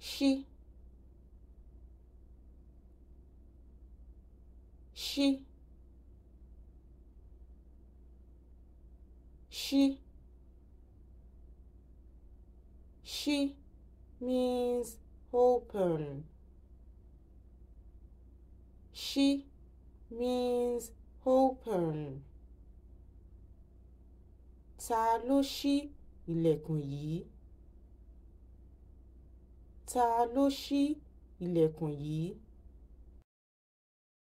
she she she she means open she means open ta ló ṣí ilẹ̀kùn yìí? ta ló ṣí ilẹ̀kùn yìí